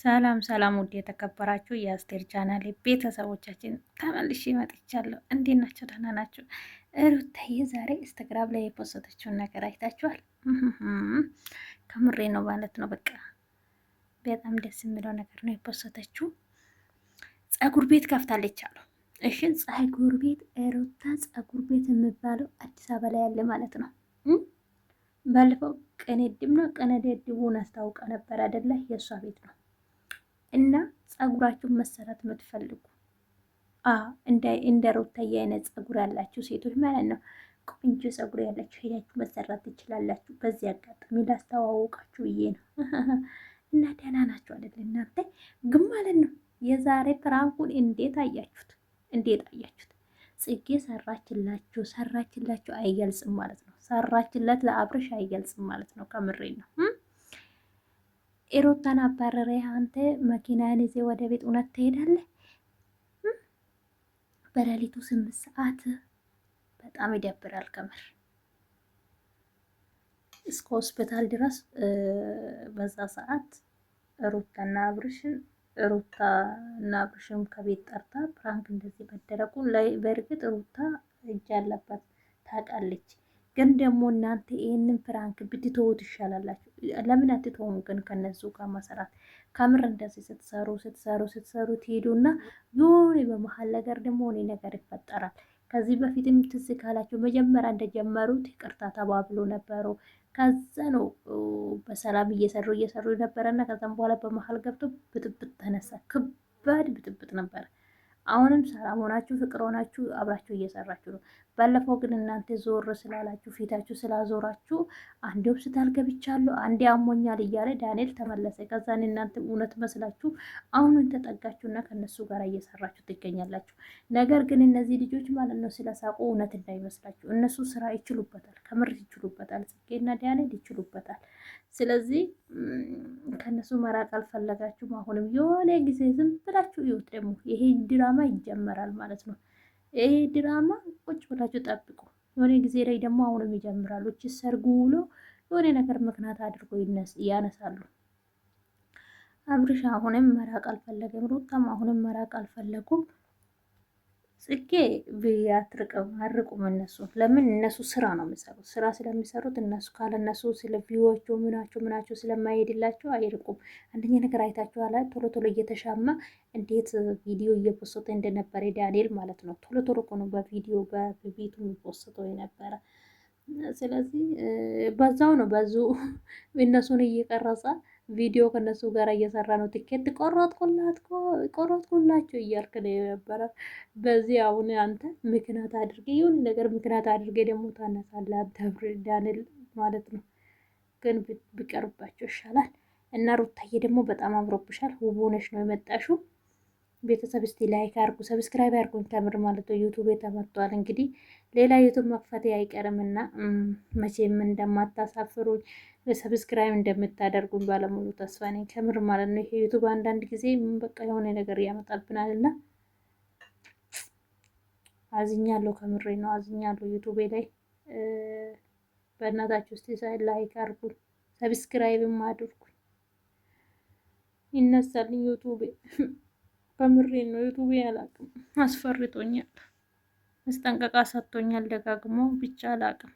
ሰላም ሰላም፣ ውድ የተከበራችሁ የአስቴር ቻናል ቤተሰቦቻችን ተመልሼ መጥቻለሁ። እንዴት ናቸው? ደህና ናችሁ? ሩታዬ ዛሬ ኢንስታግራም ላይ የፖሰተችውን ነገር አይታችኋል? ከምሬ ነው ማለት ነው። በቃ በጣም ደስ የሚለው ነገር ነው የፖስተችው። ጸጉር ቤት ከፍታለች አሉ። እሽን ጸጉር ቤት ሩታ ጸጉር ቤት የሚባለው አዲስ አበባ ላይ ያለ ማለት ነው። ባለፈው ቀኔድም ነው ቀነደድቡን አስታውቃ ነበር አደለ? የእሷ ቤት ነው እና ጸጉራችሁን መሰራት የምትፈልጉ እንደ ሩታዬ አይነት ጸጉር ያላችሁ ሴቶች ማለት ነው፣ ቆንጆ ጸጉር ያላችሁ ሄዳችሁ መሰራት ትችላላችሁ። በዚህ አጋጣሚ ላስተዋወቃችሁ ብዬ ነው። እና ደህና ናችሁ አይደል እናንተ? ግን ማለት ነው የዛሬ ፕራንኩን እንዴት አያችሁት? እንዴት አያችሁት? ጽጌ ሰራችላችሁ ሰራችላችሁ አይገልጽም ማለት ነው። ሰራችለት ለአብርሽ አይገልጽም ማለት ነው። ከምሬ ነው። ሩታን አባረረ። አንተ መኪናን ይዜ ወደ ቤት እውነት ትሄዳለህ? በሌሊቱ ስምንት ሰዓት በጣም ይደብራል። ከምር እስከ ሆስፒታል ድረስ በዛ ሰዓት ሩታና አብርሽን ሩታ እና አብርሽም ከቤት ጠርታ ፕራንክ እንደዚህ መደረጉ ላይ በእርግጥ ሩታ እጅ አለባት ታውቃለች። ግን ደግሞ እናንተ ይህንን ፍራንክ ብትተውት ይሻላላችሁ። ለምን አትተውም? ግን ከነሱ ጋር መሰራት ከምር እንደዚህ ስትሰሩ ስትሰሩ ስትሰሩ ትሄዱ እና የሆነ በመሀል ነገር ደግሞ ሆኔ ነገር ይፈጠራል። ከዚህ በፊትም ትዝ ካላችሁ መጀመሪያ እንደጀመሩት ይቅርታ ተባብሎ ነበሩ። ከዛ ነው በሰላም እየሰሩ እየሰሩ ነበረ እና ከዛም በኋላ በመሀል ገብቶ ብጥብጥ ተነሳ። ከባድ ብጥብጥ ነበረ። አሁንም ሰላም ሆናችሁ ፍቅር ሆናችሁ አብራችሁ እየሰራችሁ ነው። ባለፈው ግን እናንተ ዞር ስላላችሁ ፊታችሁ ስላዞራችሁ አንዴ ሆስፒታል ገብቻለሁ፣ አንዴ አሞኛል እያለ ዳንኤል ተመለሰ። ከዛን እናንተ እውነት መስላችሁ አሁኑን ተጠጋችሁና ከነሱ ጋር እየሰራችሁ ትገኛላችሁ። ነገር ግን እነዚህ ልጆች ማለት ነው ስለሳቁ እውነት እንዳይመስላችሁ፣ እነሱ ስራ ይችሉበታል፣ ከምር ይችሉበታል፣ ጽጌና ዳንኤል ይችሉበታል። ስለዚህ ከነሱ መራቅ አልፈለጋችሁም። አሁንም የሆነ ጊዜ ዝም ብላችሁ ይወት ደግሞ ይሄ ድራማ ድራማ ይጀመራል ማለት ነው። ይሄ ድራማ ቁጭ ብላችሁ ጠብቁ። የሆነ ጊዜ ላይ ደግሞ አሁንም ይጀምራሉ። እች ሰርጉ ውሎ የሆነ ነገር ምክንያት አድርጎ ያነሳሉ። አብርሽ አሁንም መራቅ አልፈለገም፣ ሩታም አሁንም መራቅ አልፈለጉም። ጽጌ አትርቅም አርቁም። እነሱ ለምን እነሱ ስራ ነው የሚሰሩት፣ ስራ ስለሚሰሩት እነሱ ካለ እነሱ ስለ ቪዋቸው ምናቸው ምናቸው ስለማይሄድላቸው አይርቁም። አንደኛ ነገር አይታችኋላ፣ ቶሎ ቶሎ እየተሻማ እንዴት ቪዲዮ እየፖሰጠ እንደነበረ ዳንኤል ማለት ነው። ቶሎ ቶሎ እኮ ነው በቪዲዮ በቤቱ የሚፖሰጠው የነበረ። ስለዚህ በዛው ነው በዙ እነሱን እየቀረጸ ቪዲዮ ከነሱ ጋር እየሰራ ነው። ትኬት ቆረጥኩላት ቆረጥኩላቸው እያልክ ነው የነበረ። በዚህ አሁን አንተ ምክንያት አድርጌ ይሁን ነገር ምክንያት አድርጌ ደግሞ ታነሳለህ ተብር ዳንል ማለት ነው። ግን ቢቀርባቸው ይሻላል። እና ሩታዬ ደግሞ በጣም አምሮብሻል፣ ውብ ሆነሽ ነው የመጣሽው። ቤተሰብ እስቲ ላይክ አርጉ፣ ሰብስክራይብ አርጉ። ከምር ማለት ነው ዩቱብ ተመቷል። እንግዲህ ሌላ ዩቱብ መክፈቴ አይቀርምና መቼም እንደማታሳፍሩኝ ሰብስክራይብ እንደምታደርጉኝ ባለሙሉ ተስፋ ነኝ። ከምር ማለት ነው ይሄ ዩቱብ አንዳንድ ጊዜ በቃ የሆነ ነገር ያመጣብናል እና አዝኛለሁ። ከምሬ ነው አዝኛለሁ። ዩቱቤ ላይ በእናታችሁ ውስጥ ላይክ አርጉ፣ ሰብስክራይብም አድርጉ። ይነሳልኝ ዩቱቤ በምሬ ነው። ዩቱብ አላቅም አስፈርቶኛል፣ መስጠንቀቃ ሰጥቶኛል ደጋግሞ ብቻ አላቅም።